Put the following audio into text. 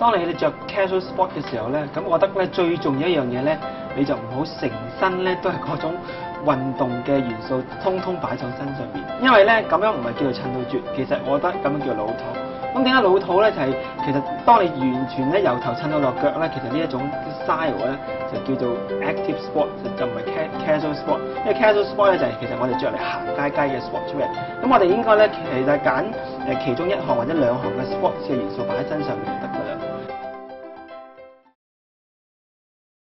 當你哋着 casual sport 嘅時候咧，咁我覺得咧最重要嘅一樣嘢咧，你就唔好成身咧都係嗰種運動嘅元素，通通擺上身上邊。因為咧咁樣唔係叫做襯到絕，其實我覺得咁樣叫老土。咁點解老土咧？就係、是、其實當你完全咧由頭襯到落腳咧，其實呢一種 style 咧就叫做 active sport，就唔係 casual sport。因為 casual sport 咧就係其實我哋着嚟行街街嘅 sport 出嚟。咁我哋應該咧其實揀誒其中一項或者兩項嘅 sport 嘅元素擺喺身上面就得㗎啦。